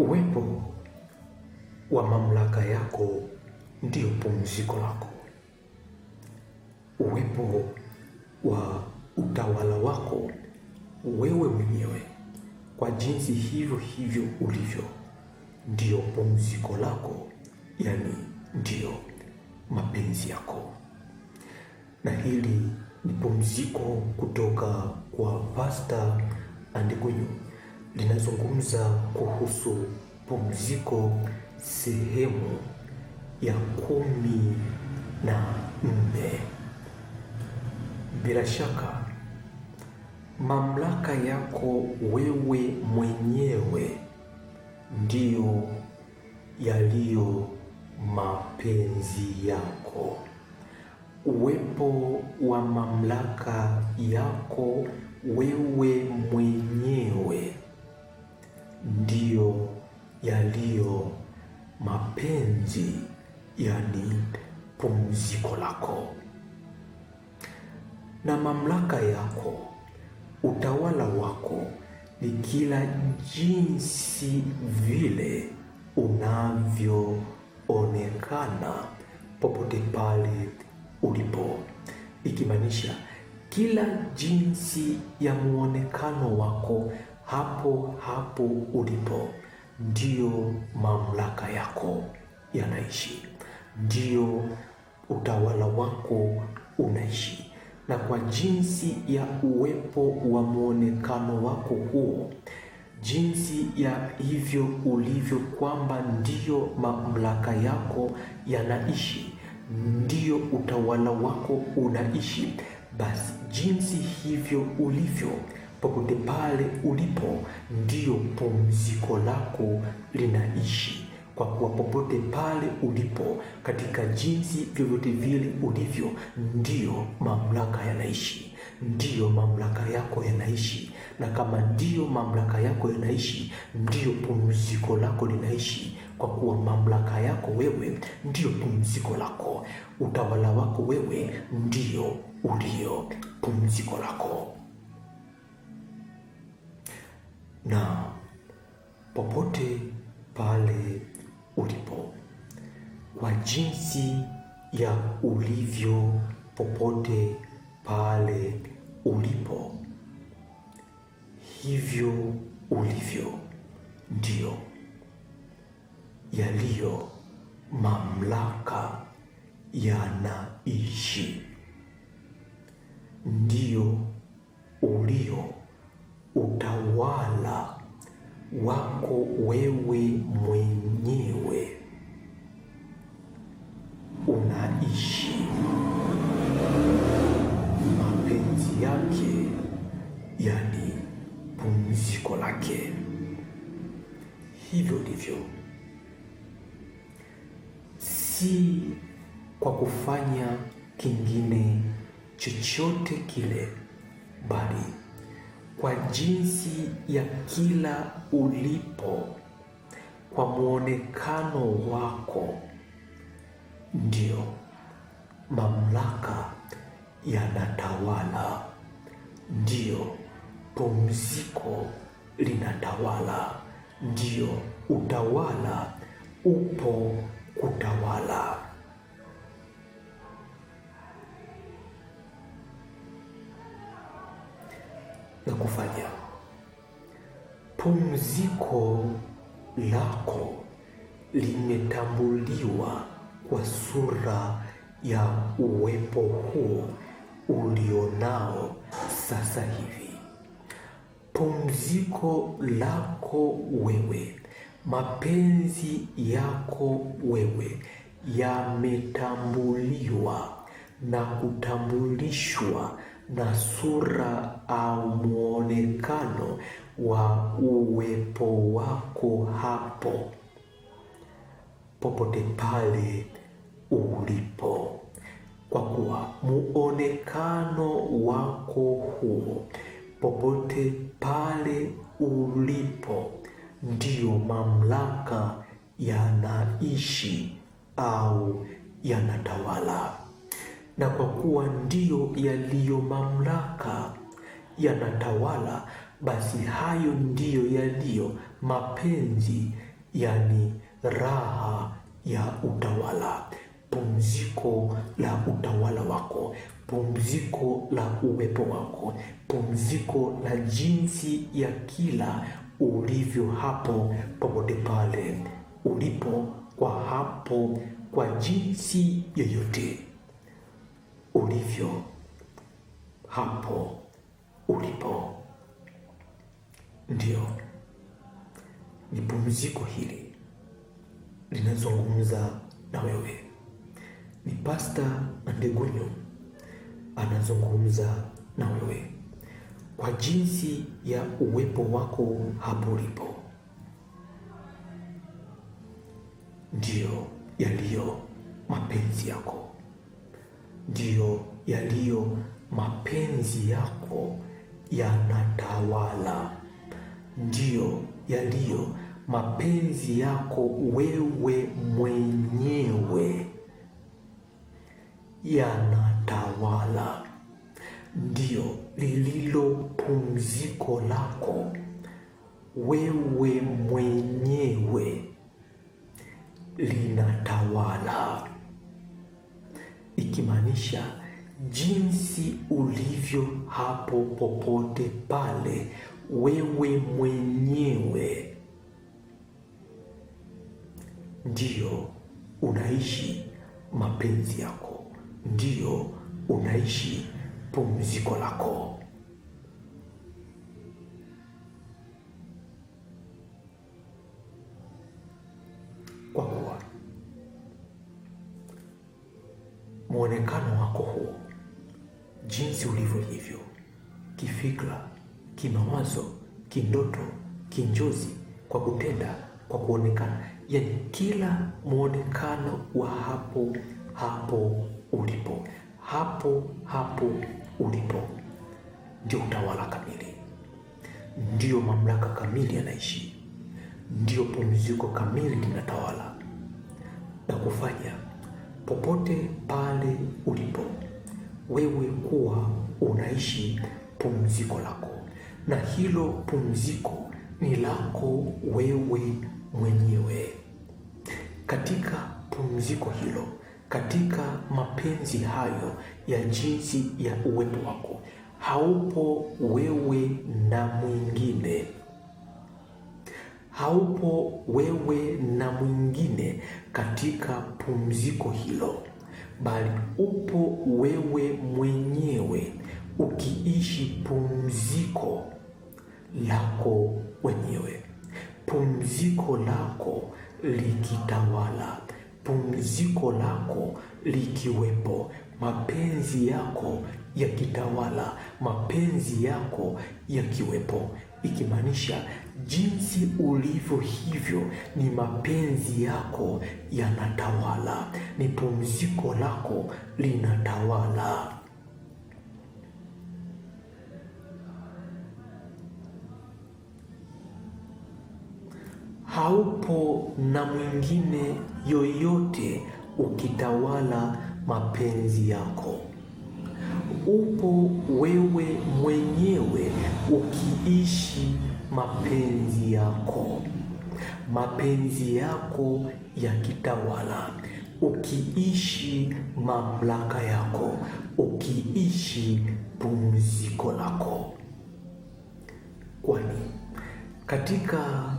Uwepo wa mamlaka yako ndiyo pumziko lako. Uwepo wa utawala wako wewe mwenyewe kwa jinsi hivyo hivyo ulivyo ndiyo pumziko lako, yani ndiyo mapenzi yako, na hili ni pumziko kutoka kwa Pasta Andygunyu linazungumza kuhusu pumziko sehemu ya kumi na nne. Bila shaka mamlaka yako wewe mwenyewe ndiyo yaliyo mapenzi yako. Uwepo wa mamlaka yako wewe mwenyewe ndiyo yaliyo mapenzi, yani pumziko lako na mamlaka yako, utawala wako ni kila jinsi vile unavyoonekana popote pale ulipo, ikimaanisha kila jinsi ya muonekano wako hapo hapo ulipo ndiyo mamlaka yako yanaishi, ndiyo utawala wako unaishi, na kwa jinsi ya uwepo wa mwonekano wako huo, jinsi ya hivyo ulivyo, kwamba ndiyo mamlaka yako yanaishi, ndiyo utawala wako unaishi, basi jinsi hivyo ulivyo popote pale ulipo, ndio pumziko lako linaishi kwa kuwa popote pale ulipo, katika jinsi vyovyote vile ulivyo, ndiyo mamlaka yanaishi, ndiyo mamlaka yako yanaishi. Na kama ndiyo mamlaka yako yanaishi, ndiyo pumziko lako linaishi, kwa kuwa mamlaka yako wewe ndiyo pumziko lako, utawala wako wewe ndiyo ulio pumziko lako na popote pale ulipo, kwa jinsi ya ulivyo, popote pale ulipo, hivyo ulivyo ndio yaliyo mamlaka yanaishi, ndio ulio utawala wako wewe mwenyewe unaishi mapenzi yake, yani pumziko lake. Hivyo ndivyo, si kwa kufanya kingine chochote kile, bali kwa jinsi ya kila ulipo, kwa mwonekano wako, ndio mamlaka yanatawala, ndio pumziko linatawala, ndio utawala upo kutawala. Pumziko lako limetambuliwa kwa sura ya uwepo huo ulionao sasa hivi. Pumziko lako wewe, mapenzi yako wewe yametambuliwa na kutambulishwa na sura au muonekano wa uwepo wako hapo popote pale ulipo, kwa kuwa muonekano wako huo popote pale ulipo ndiyo mamlaka yanaishi au yanatawala, na kwa kuwa ndiyo yaliyo mamlaka yanatawala basi hayo ndiyo yaliyo mapenzi, yani raha ya utawala, pumziko la utawala wako, pumziko la uwepo wako, pumziko la jinsi ya kila ulivyo hapo popote pale ulipo, kwa hapo, kwa jinsi yoyote ulivyo hapo ulipo ndio ni pumziko hili linazungumza na wewe. Ni Pasta Andegunyo anazungumza na wewe kwa jinsi ya uwepo wako hapo ulipo. Ndiyo yaliyo mapenzi yako, ndiyo yaliyo mapenzi yako yanatawala ndio yaliyo mapenzi yako wewe mwenyewe yanatawala, ndio lililo pumziko lako wewe mwenyewe linatawala, ikimaanisha jinsi ulivyo hapo, popote pale wewe mwenyewe ndiyo unaishi mapenzi yako, ndiyo unaishi pumziko lako. kindoto, kinjozi, kwa kutenda, kwa kuonekana, yaani kila mwonekano wa hapo hapo ulipo, hapo hapo ulipo, ndio utawala kamili, ndiyo mamlaka kamili yanaishi, ndiyo pumziko kamili linatawala na kufanya popote pale ulipo wewe kuwa unaishi pumziko lako na hilo pumziko ni lako wewe mwenyewe. Katika pumziko hilo, katika mapenzi hayo ya jinsi ya uwepo wako, haupo wewe na mwingine, haupo wewe na mwingine katika pumziko hilo, bali upo wewe mwenyewe ukiishi pumziko lako wenyewe, pumziko lako likitawala, pumziko lako likiwepo, mapenzi yako yakitawala, mapenzi yako yakiwepo, ikimaanisha jinsi ulivyo hivyo ni mapenzi yako yanatawala, ni pumziko lako linatawala. haupo na mwingine yoyote ukitawala mapenzi yako. Upo wewe mwenyewe ukiishi mapenzi yako, mapenzi yako yakitawala, ukiishi mamlaka yako, ukiishi pumziko lako, kwani katika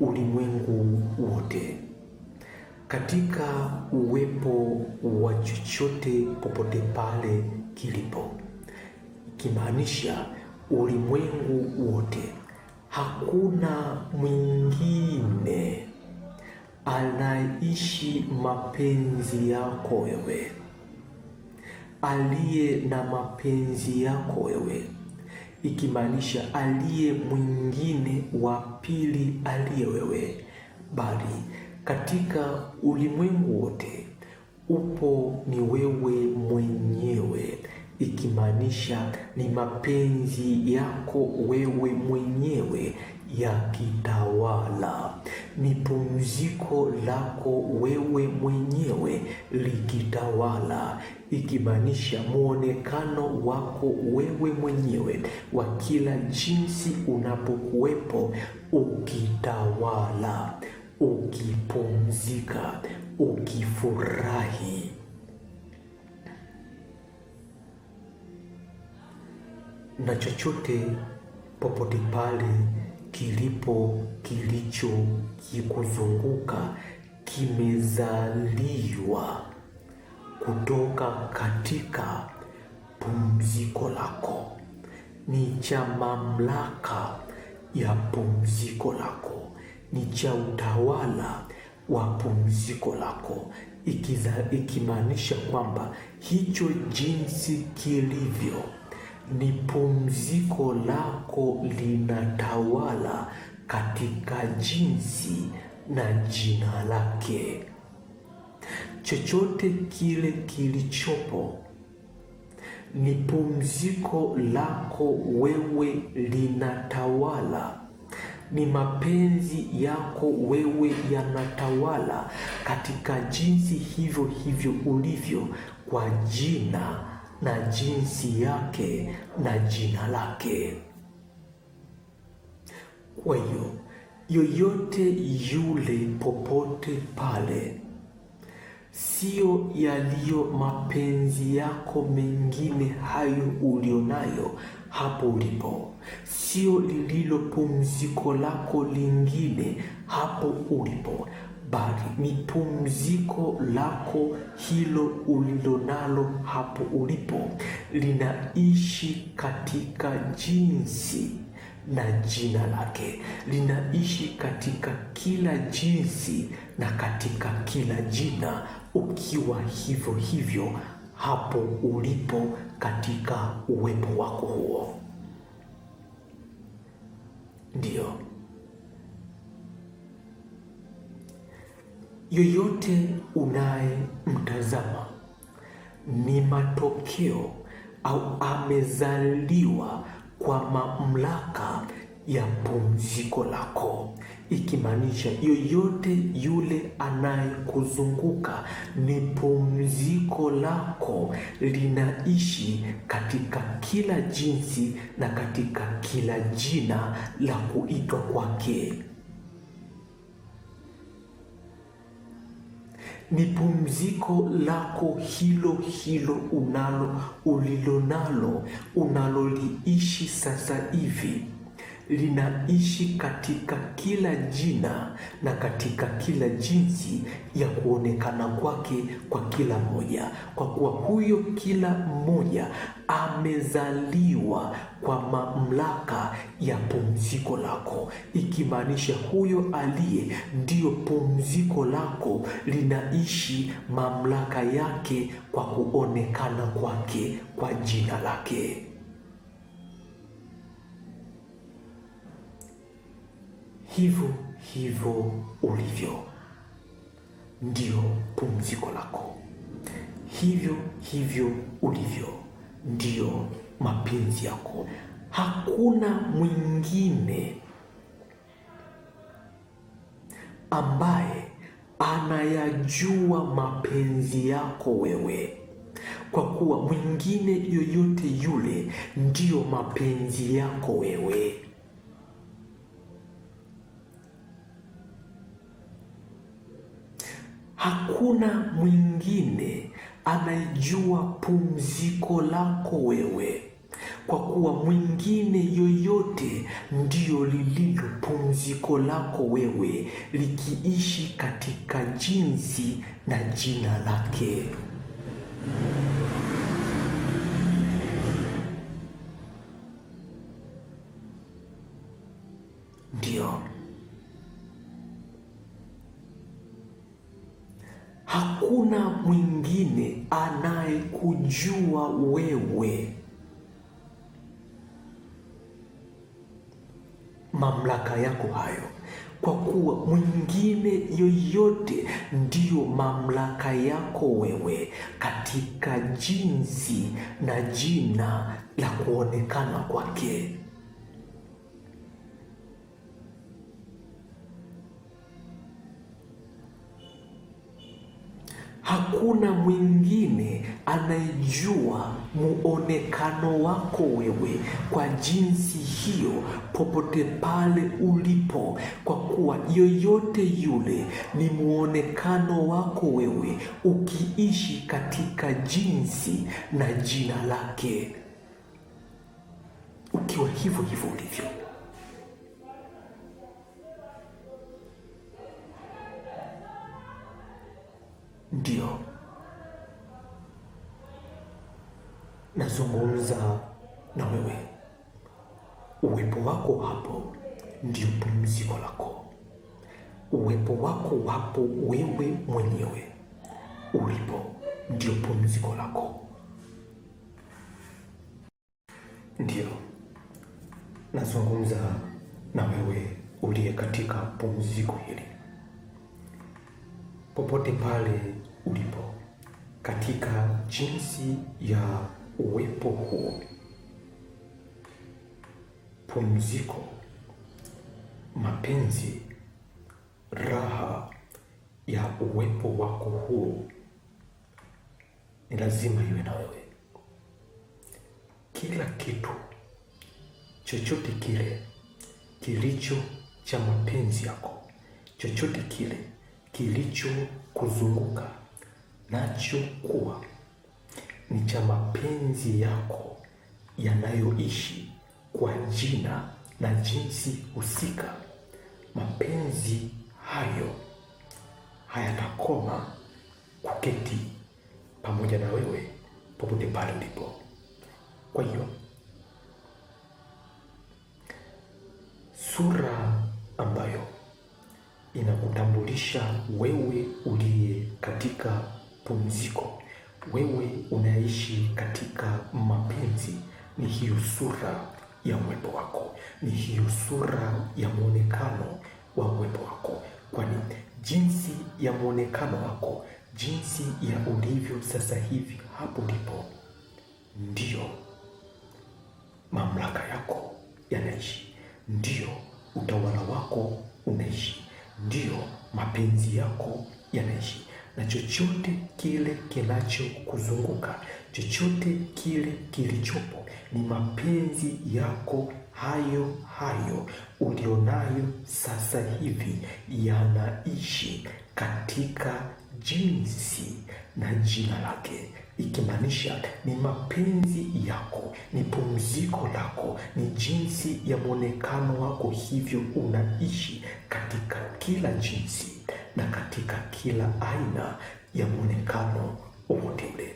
ulimwengu wote, katika uwepo wa chochote popote pale kilipo, ikimaanisha ulimwengu wote. Hakuna mwingine anaishi mapenzi yako wewe, aliye na mapenzi yako wewe ikimaanisha aliye mwingine wa pili aliye wewe, bali katika ulimwengu wote upo ni wewe mwenyewe, ikimaanisha ni mapenzi yako wewe mwenyewe yakitawala, ni pumziko lako wewe mwenyewe likitawala, ikimaanisha muonekano wako wewe mwenyewe wa kila jinsi unapokuwepo ukitawala, ukipumzika, ukifurahi na chochote popote pale kilipo kilicho kikuzunguka kimezaliwa kutoka katika pumziko lako, ni cha mamlaka ya pumziko lako, ni cha utawala wa pumziko lako, ikimaanisha kwamba hicho jinsi kilivyo ni pumziko lako linatawala katika jinsi na jina lake. Chochote kile kilichopo ni pumziko lako wewe linatawala, ni mapenzi yako wewe yanatawala katika jinsi hivyo hivyo ulivyo kwa jina na jinsi yake na jina lake. Kwa hiyo yoyote yule popote pale, sio yaliyo mapenzi yako mengine hayo ulionayo hapo ulipo, sio lililo pumziko lako lingine hapo ulipo bali ni pumziko lako hilo ulilonalo hapo ulipo linaishi katika jinsi na jina lake linaishi katika kila jinsi na katika kila jina, ukiwa hivyo hivyo hapo ulipo katika uwepo wako huo, ndio yoyote unayemtazama ni matokeo au amezaliwa kwa mamlaka ya pumziko lako, ikimaanisha yoyote yule anayekuzunguka ni pumziko lako, linaishi katika kila jinsi na katika kila jina la kuitwa kwake. ni pumziko lako hilo hilo unalo ulilonalo unaloliishi sasa hivi linaishi katika kila jina na katika kila jinsi ya kuonekana kwake kwa kila mmoja, kwa kuwa huyo kila mmoja amezaliwa kwa mamlaka ya pumziko lako, ikimaanisha huyo aliye ndiyo pumziko lako linaishi mamlaka yake kwa kuonekana kwake kwa jina lake. hivyo hivyo ulivyo, ndio pumziko lako. Hivyo hivyo ulivyo, ndio mapenzi yako. Hakuna mwingine ambaye anayajua mapenzi yako wewe, kwa kuwa mwingine yoyote yule ndiyo mapenzi yako wewe. Hakuna mwingine anayejua pumziko lako wewe, kwa kuwa mwingine yoyote ndiyo lililo pumziko lako wewe, likiishi katika jinsi na jina lake. kukujua wewe. Mamlaka yako hayo, kwa kuwa mwingine yoyote ndiyo mamlaka yako wewe katika jinsi na jina la kuonekana kwake. Hakuna mwingine anayejua muonekano wako wewe kwa jinsi hiyo, popote pale ulipo, kwa kuwa yoyote yule ni muonekano wako wewe, ukiishi katika jinsi na jina lake, ukiwa hivyo hivyo ulivyo. Ndio nazungumza na wewe, uwepo wako hapo ndio pumziko lako. Uwepo wako wapo wewe mwenyewe ulipo, ndio pumziko lako. Ndio nazungumza na wewe uliye katika pumziko hili, popote pale ulipo. Katika jinsi ya uwepo huo, pumziko, mapenzi, raha ya uwepo wako huo ni lazima iwe na wewe. Kila kitu chochote kile kilicho cha mapenzi yako, chochote kile kilicho kuzunguka nachokuwa ni cha mapenzi yako yanayoishi kwa jina na jinsi husika. Mapenzi hayo hayatakoma kuketi pamoja na wewe popote pale ulipo. Kwa hiyo sura ambayo inakutambulisha wewe uliye katika pumziko. Wewe unaishi katika mapenzi, ni hiyo sura ya uwepo wako, ni hiyo sura ya mwonekano wa uwepo wako, kwani jinsi ya mwonekano wako, jinsi ya ulivyo sasa hivi, hapo ndipo ndiyo mamlaka yako yanaishi, ndio utawala wako unaishi, ndiyo mapenzi yako yanaishi na chochote kile kinachokuzunguka, chochote kile kilichopo, ni mapenzi yako hayo hayo ulionayo sasa hivi yanaishi katika jinsi na jina lake, ikimaanisha ni mapenzi yako, ni pumziko lako, ni jinsi ya mwonekano wako, hivyo unaishi katika kila jinsi na katika kila aina ya mwonekano wowote ule,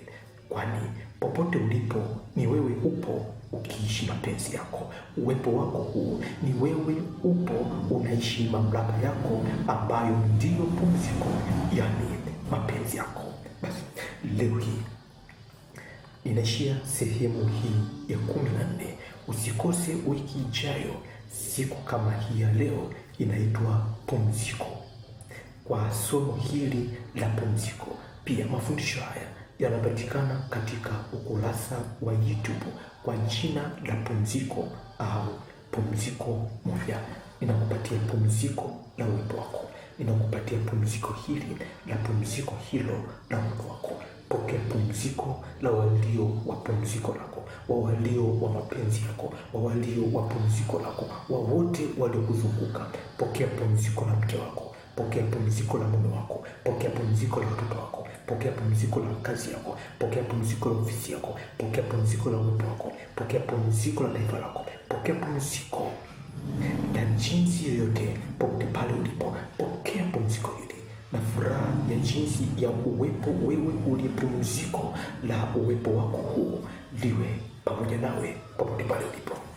kwani popote ulipo ni wewe upo ukiishi mapenzi yako. Uwepo wako huu ni wewe upo unaishi mamlaka yako ambayo ndiyo pumziko, yani mapenzi yako. Basi leo hii ninaishia sehemu hii ya kumi na nne. Usikose wiki ijayo, siku kama hii ya leo inaitwa pumziko kwa somo hili la pumziko. Pia mafundisho haya yanapatikana katika ukurasa wa YouTube kwa jina la pumziko au pumziko moja. Ninakupatia pumziko la uwepo wako, ninakupatia pumziko hili la pumziko hilo la uwepo wako. Pokea pumziko la walio wa pumziko lako, wa walio wa mapenzi yako, wa walio wa pumziko lako, wa wote waliokuzunguka. Pokea pumziko la mke wako Pokea pumziko la mume wako, pokea pumziko la watoto wako, pokea pumziko la kazi yako, pokea pumziko la ofisi yako, pokea pumziko la uwepo wako, pokea pumziko la taifa lako, pokea pumziko na jinsi yoyote, popote pale ulipo, pokea pumziko hili na furaha ya jinsi ya uwepo wewe uliye pumziko la uwepo wako huu liwe pamoja nawe popote pale ulipo.